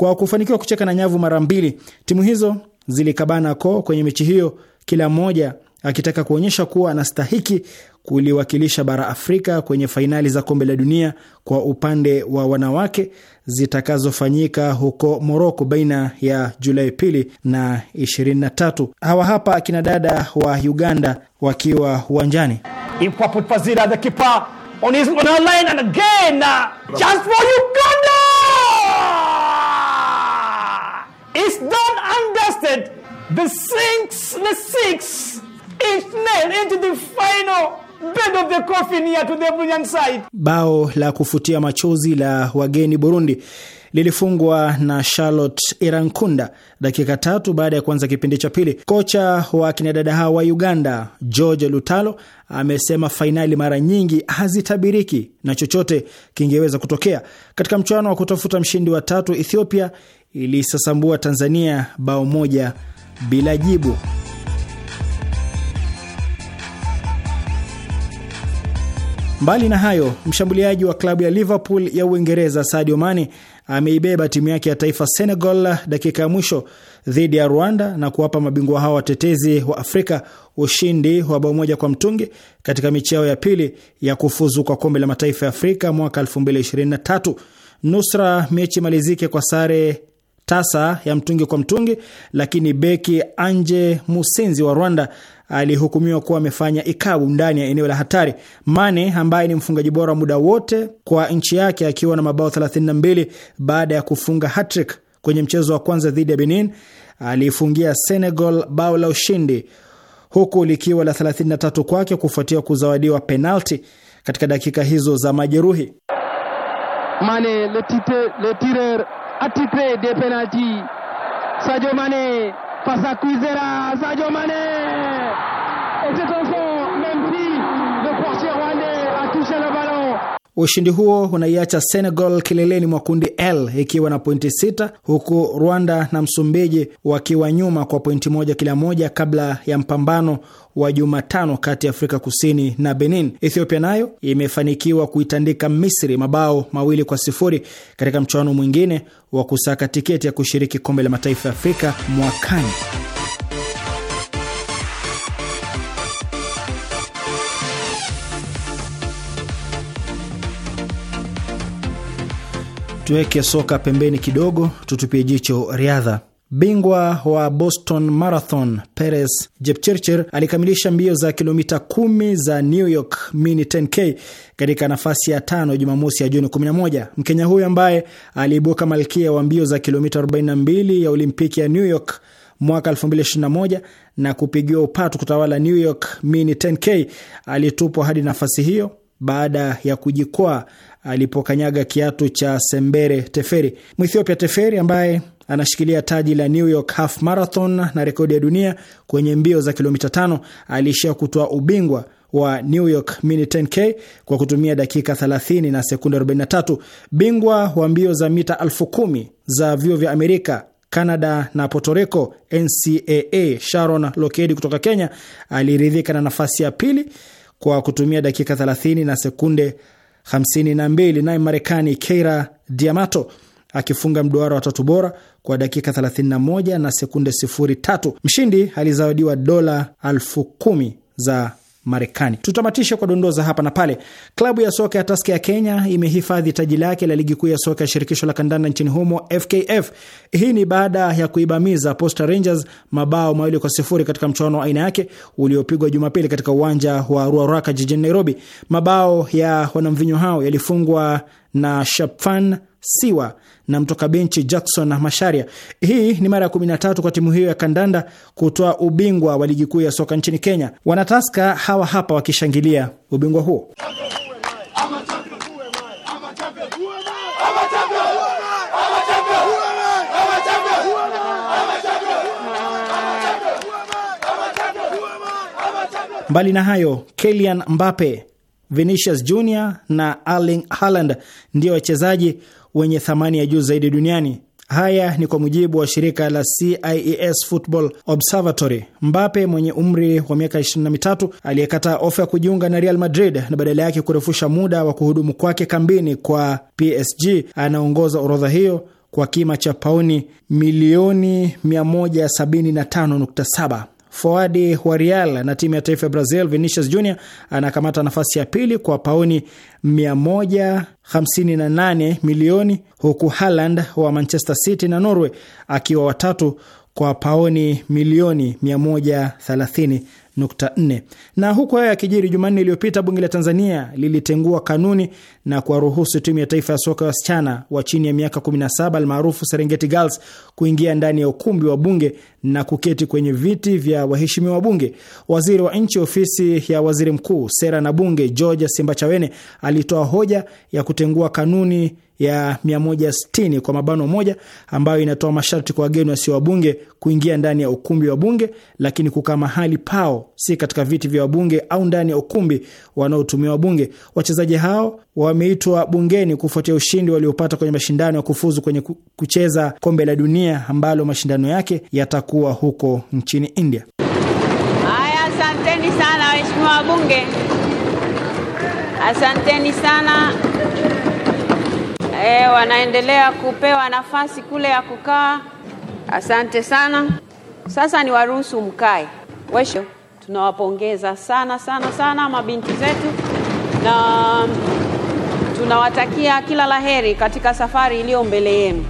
Kwa kufanikiwa kucheka na nyavu mara mbili, timu hizo zilikabana koo kwenye mechi hiyo, kila mmoja akitaka kuonyesha kuwa anastahiki kuliwakilisha bara Afrika kwenye fainali za kombe la dunia kwa upande wa wanawake zitakazofanyika huko Moroko baina ya Julai pili na 23. Hawa hapa akina dada wa Uganda wakiwa uwanjani. and again just uh, for Uganda is not understand the sinks, the six is nail into the final bed of the coffin here to the Brazilian side. Bao la kufutia machozi la wageni Burundi lilifungwa na Charlotte Irankunda dakika tatu baada ya kuanza kipindi cha pili. Kocha wa kinadada hawa wa Uganda George Lutalo amesema fainali mara nyingi hazitabiriki na chochote kingeweza kutokea. Katika mchuano wa kutafuta mshindi wa tatu, Ethiopia ilisasambua Tanzania bao moja bila jibu. Mbali na hayo, mshambuliaji wa klabu ya Liverpool ya Uingereza Sadio Mane ameibeba timu yake ya taifa Senegal dakika ya mwisho dhidi ya Rwanda na kuwapa mabingwa hao watetezi wa Afrika ushindi wa bao moja kwa mtungi katika michi yao ya pili ya kufuzu kwa kombe la mataifa ya Afrika mwaka 2023. Nusra mechi malizike kwa sare tasa ya mtungi kwa mtungi, lakini beki Anje Musinzi wa Rwanda alihukumiwa kuwa amefanya ikabu ndani ya eneo la hatari. Mane ambaye ni mfungaji bora muda wote kwa nchi yake akiwa na mabao 32 baada ya kufunga hattrick kwenye mchezo wa kwanza dhidi ya Benin, aliifungia Senegal bao la ushindi huku likiwa la 33 kwake kufuatia kuzawadiwa penalti katika dakika hizo za majeruhi. Mane le, le tireur A tiré des penalties. Sadio Mané face à Kuzera. Sadio Mané Et c'est un fond, même si Ushindi huo unaiacha Senegal kileleni mwa kundi L ikiwa na pointi 6 huku Rwanda na Msumbiji wakiwa nyuma kwa pointi moja kila moja kabla ya mpambano wa Jumatano kati ya Afrika Kusini na Benin. Ethiopia nayo imefanikiwa kuitandika Misri mabao mawili kwa sifuri katika mchuano mwingine wa kusaka tiketi ya kushiriki kombe la mataifa ya Afrika mwakani. Tuweke soka pembeni kidogo, tutupie jicho riadha. Bingwa wa Boston Marathon Peres Jepchirchir alikamilisha mbio za kilomita kumi za New York mini 10k katika nafasi ya tano Jumamosi ya Juni 11. Mkenya huyo ambaye aliibuka malkia wa mbio za kilomita 42 ya Olimpiki ya New York mwaka 2021 na kupigiwa upatu kutawala New York mini 10k alitupwa hadi nafasi hiyo baada ya kujikwaa alipokanyaga kiatu cha Sembere Teferi. Mwethiopia Teferi ambaye anashikilia taji la New York Half Marathon na rekodi ya dunia kwenye mbio za kilomita 5 aliishia kutoa ubingwa wa New York mini 10K kwa kutumia dakika 30 na sekunde 43. Bingwa wa mbio za mita 10,000 za vyuo vya Amerika, Canada na Puerto Rico NCAA Sharon Lokedi kutoka Kenya aliridhika na nafasi ya pili kwa kutumia dakika 30 na sekunde 52, naye Marekani Keira Diamato akifunga mduara wa tatu bora kwa dakika 31 na sekunde tatu Mshindi alizawadiwa dola elfu kumi za Marekani. Tutamatishe kwa dondoza hapa na pale. Klabu ya soka ya Taska ya Kenya imehifadhi taji lake la ligi kuu ya soka ya shirikisho la kandanda nchini humo FKF. Hii ni baada ya kuibamiza Posta Rangers mabao mawili kwa sifuri katika mchuano wa aina yake uliopigwa Jumapili katika uwanja wa Ruaraka jijini Nairobi. Mabao ya wanamvinyo hao yalifungwa na Shapfan Siwa na mtoka benchi Jackson na Masharia. Hii ni mara ya 13 kwa timu hiyo ya kandanda kutoa ubingwa wa ligi kuu ya soka nchini Kenya. Wanataska hawa hapa wakishangilia ubingwa huo. Mbali na hayo, Kylian Mbappe, Vinicius Junior na Erling Haaland ndio wachezaji wenye thamani ya juu zaidi duniani. Haya ni kwa mujibu wa shirika la CIES Football Observatory. Mbape mwenye umri wa miaka 23 aliyekataa ofa ya kujiunga na Real Madrid na badala yake kurefusha muda wa kuhudumu kwake kambini kwa PSG anaongoza orodha hiyo kwa kima cha pauni milioni 175.7. Foadi wa Real na timu ya taifa ya Brazil Vinicius jr anakamata nafasi ya pili kwa paoni 158 milioni, huku Haaland wa Manchester City na Norway akiwa watatu kwa paoni milioni na huku hayo yakijiri, Jumanne iliyopita bunge la Tanzania lilitengua kanuni na kuwaruhusu timu ya taifa ya soka ya wasichana wa chini ya miaka 17 almaarufu Serengeti Girls kuingia ndani ya ukumbi wa bunge na kuketi kwenye viti vya waheshimiwa wa bunge. Waziri wa nchi ofisi ya waziri mkuu, sera na bunge, George Simbachawene alitoa hoja ya kutengua kanuni ya 160 kwa mabano moja ambayo inatoa masharti kwa wageni wasio wabunge kuingia ndani ya ukumbi wa bunge, lakini kukaa mahali pao si katika viti vya wabunge au ndani ya ukumbi wanaotumia wabunge. Wachezaji hao wameitwa bungeni kufuatia ushindi waliopata kwenye mashindano ya kufuzu kwenye kucheza kombe la dunia ambalo mashindano yake yatakuwa huko nchini India. Haya, asanteni sana waheshimiwa wabunge, asanteni sana e, wanaendelea kupewa nafasi kule ya kukaa. Asante sana. Sasa ni waruhusu mkae. Wesho, tunawapongeza sana sana sana mabinti zetu na tunawatakia kila laheri katika safari iliyo mbele yenu.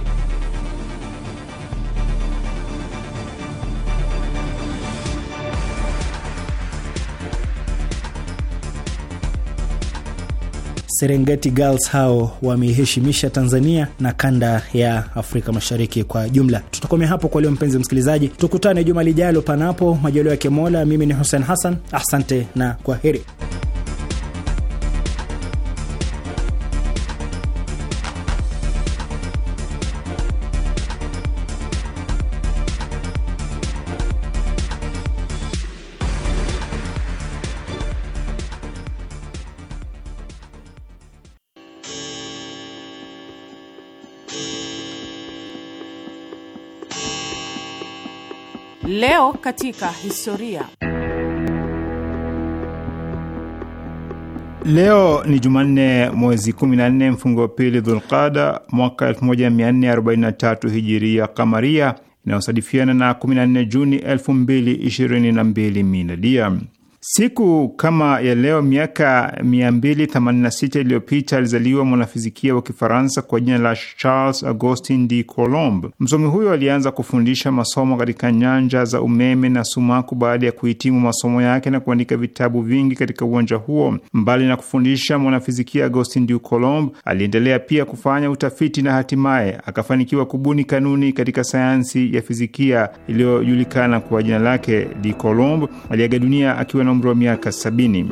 Serengeti Girls hao wameiheshimisha Tanzania na kanda ya Afrika Mashariki kwa jumla. Tutakomea hapo kwa leo, mpenzi msikilizaji, tukutane juma lijalo, panapo majaliwa ya Kemola. Mimi ni Hussein Hassan, asante na kwa heri. Leo katika historia. Leo ni Jumanne, mwezi 14 mfungo wa pili Dhulqada mwaka 1443 hijiria kamaria inayosadifiana na 14 Juni 2022 miladia. Siku kama ya leo miaka 286 iliyopita alizaliwa mwanafizikia wa Kifaransa kwa jina la Charles Augustin de Coulomb. Msomi huyo alianza kufundisha masomo katika nyanja za umeme na sumaku baada ya kuhitimu masomo yake na kuandika vitabu vingi katika uwanja huo. Mbali na kufundisha, mwanafizikia Augustin de Coulomb aliendelea pia kufanya utafiti na hatimaye akafanikiwa kubuni kanuni katika sayansi ya fizikia iliyojulikana kwa jina lake. De Coulomb aliaga dunia akiwa na na umri wa miaka sabini.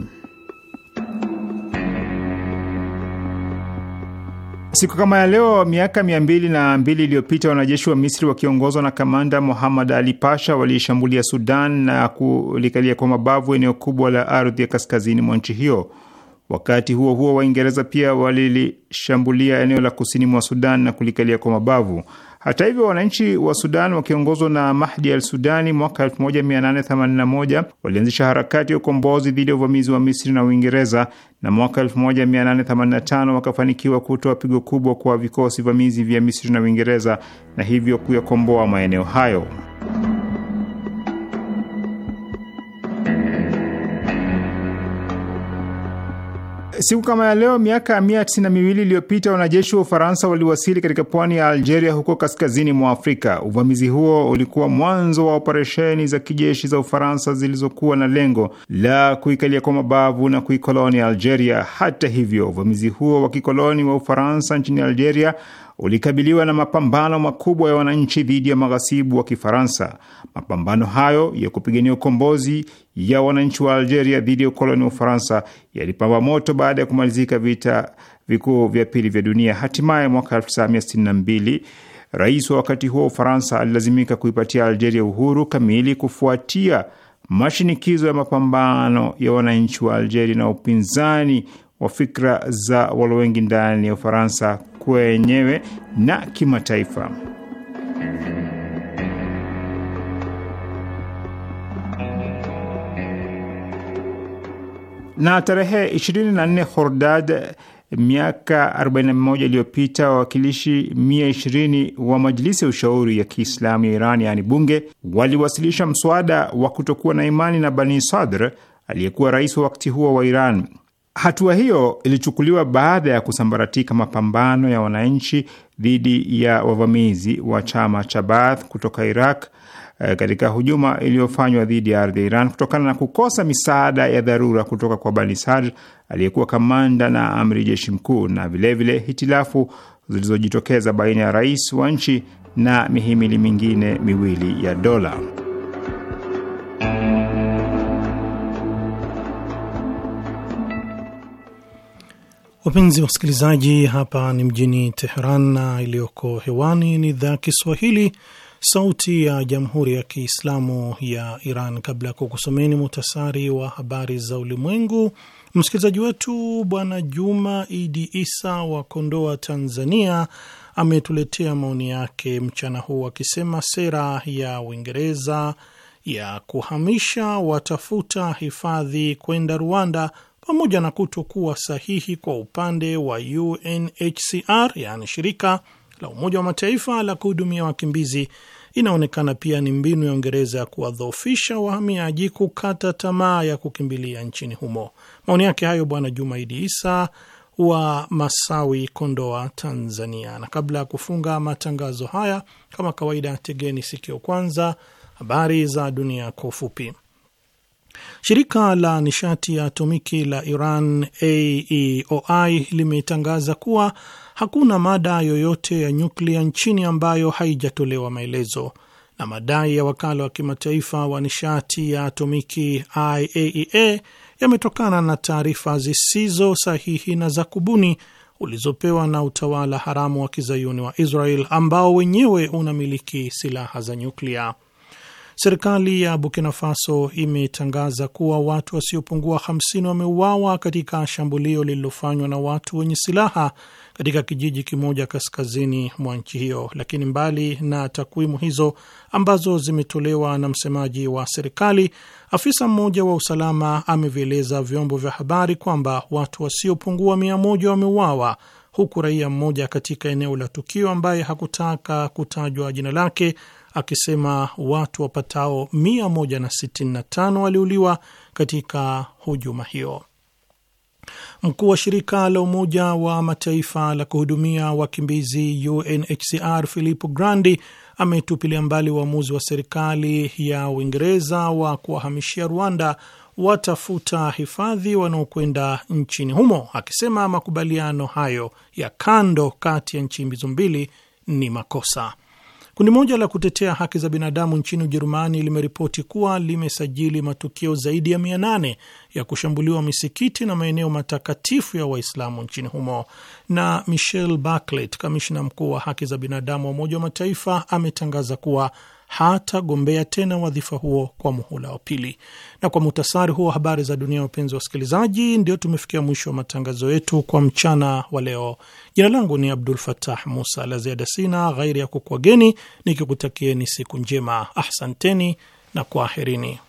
Siku kama ya leo miaka mia mbili na mbili iliyopita wanajeshi wa Misri wakiongozwa na kamanda Muhammad Ali Pasha waliishambulia Sudan na kulikalia kwa mabavu eneo kubwa la ardhi ya kaskazini mwa nchi hiyo. Wakati huo huo, Waingereza pia walilishambulia eneo la kusini mwa Sudan na kulikalia kwa mabavu. Hata hivyo, wananchi wa Sudan wakiongozwa na Mahdi al Sudani mwaka 1881 walianzisha harakati ya ukombozi dhidi ya uvamizi wa Misri na Uingereza, na mwaka 1885 wakafanikiwa kutoa pigo kubwa kwa vikosi vamizi vya Misri na Uingereza na hivyo kuyakomboa maeneo hayo. Siku kama ya leo miaka mia tisini na miwili iliyopita wanajeshi wa Ufaransa waliwasili katika pwani ya Algeria huko kaskazini mwa Afrika. Uvamizi huo ulikuwa mwanzo wa operesheni za kijeshi za Ufaransa zilizokuwa na lengo la kuikalia kwa mabavu na kuikoloni Algeria. Hata hivyo, uvamizi huo wa kikoloni wa Ufaransa nchini Algeria ulikabiliwa na mapambano makubwa ya wananchi dhidi ya maghasibu wa Kifaransa. Mapambano hayo ya kupigania ukombozi ya wananchi wa Algeria dhidi ya ukoloni wa Ufaransa yalipamba moto baada ya kumalizika vita vikuu vya pili vya dunia. Hatimaye mwaka 1962 rais wa wakati huo Ufaransa alilazimika kuipatia Algeria uhuru kamili kufuatia mashinikizo ya mapambano ya wananchi wa Algeria na upinzani wa fikra za walo wengi ndani ya Ufaransa kwenyewe na kimataifa. Na tarehe 24 Hordad miaka 41 iliyopita wawakilishi 120 wa Majilisi ya Ushauri ya Kiislamu ya Iran, yaani bunge, waliwasilisha mswada wa kutokuwa na imani na Bani Sadr aliyekuwa rais wa wakati huo wa Iran. Hatua hiyo ilichukuliwa baada ya kusambaratika mapambano ya wananchi dhidi ya wavamizi wa chama cha Baath kutoka Iraq eh, katika hujuma iliyofanywa dhidi ya ardhi ya Iran kutokana na kukosa misaada ya dharura kutoka kwa Banisar aliyekuwa kamanda na amri jeshi mkuu, na vilevile hitilafu zilizojitokeza baina ya rais wa nchi na mihimili mingine miwili ya dola. Wapenzi wasikilizaji, hapa ni mjini Teheran na iliyoko hewani ni idhaa Kiswahili sauti ya jamhuri ya Kiislamu ya Iran. Kabla ya kukusomeni muhtasari wa habari za ulimwengu, msikilizaji wetu Bwana Juma Idi Isa wa Kondoa, Tanzania, ametuletea maoni yake mchana huu akisema sera ya Uingereza ya kuhamisha watafuta hifadhi kwenda Rwanda pamoja na kutokuwa sahihi kwa upande wa UNHCR, yaani shirika la Umoja wa Mataifa la kuhudumia wakimbizi, inaonekana pia ni mbinu ya Uingereza ya kuwadhoofisha wahamiaji kukata tamaa ya kukimbilia nchini humo. Maoni yake hayo Bwana Jumaidi Isa wa Masawi, Kondoa, Tanzania. Na kabla ya kufunga matangazo haya, kama kawaida, tegeni sikio kwanza habari za dunia kwa ufupi. Shirika la nishati ya atomiki la Iran AEOI limetangaza kuwa hakuna mada yoyote ya nyuklia nchini ambayo haijatolewa maelezo na madai ya wakala wa kimataifa wa nishati ya atomiki IAEA e yametokana na taarifa zisizo sahihi na za kubuni ulizopewa na utawala haramu wa kizayuni wa Israel ambao wenyewe unamiliki silaha za nyuklia. Serikali ya Burkina Faso imetangaza kuwa watu wasiopungua 50 wameuawa katika shambulio lililofanywa na watu wenye silaha katika kijiji kimoja kaskazini mwa nchi hiyo. Lakini mbali na takwimu hizo ambazo zimetolewa na msemaji wa serikali, afisa mmoja wa usalama amevieleza vyombo vya habari kwamba watu wasiopungua mia moja wameuawa huku raia mmoja katika eneo la tukio ambaye hakutaka kutajwa jina lake akisema watu wapatao 165 waliuliwa katika hujuma hiyo. Mkuu wa shirika la Umoja wa Mataifa la kuhudumia wakimbizi UNHCR Filippo Grandi ametupilia mbali uamuzi wa serikali ya Uingereza wa kuwahamishia Rwanda watafuta hifadhi wanaokwenda nchini humo, akisema makubaliano hayo ya kando kati ya nchi hizo mbili ni makosa. Kundi moja la kutetea haki za binadamu nchini Ujerumani limeripoti kuwa limesajili matukio zaidi ya 800 ya kushambuliwa misikiti na maeneo matakatifu ya Waislamu nchini humo. Na Michelle Bachelet, kamishna mkuu wa haki za binadamu wa Umoja wa Mataifa, ametangaza kuwa hatagombea tena wadhifa huo kwa muhula wa pili. Na kwa muhtasari huo habari za dunia, wapenzi wa wasikilizaji, ndio tumefikia mwisho wa matangazo yetu kwa mchana wa leo. Jina langu ni Abdul Fatah Musa. La ziada sina ghairi ya kukwageni nikikutakieni siku njema. Ahsanteni na kwaherini.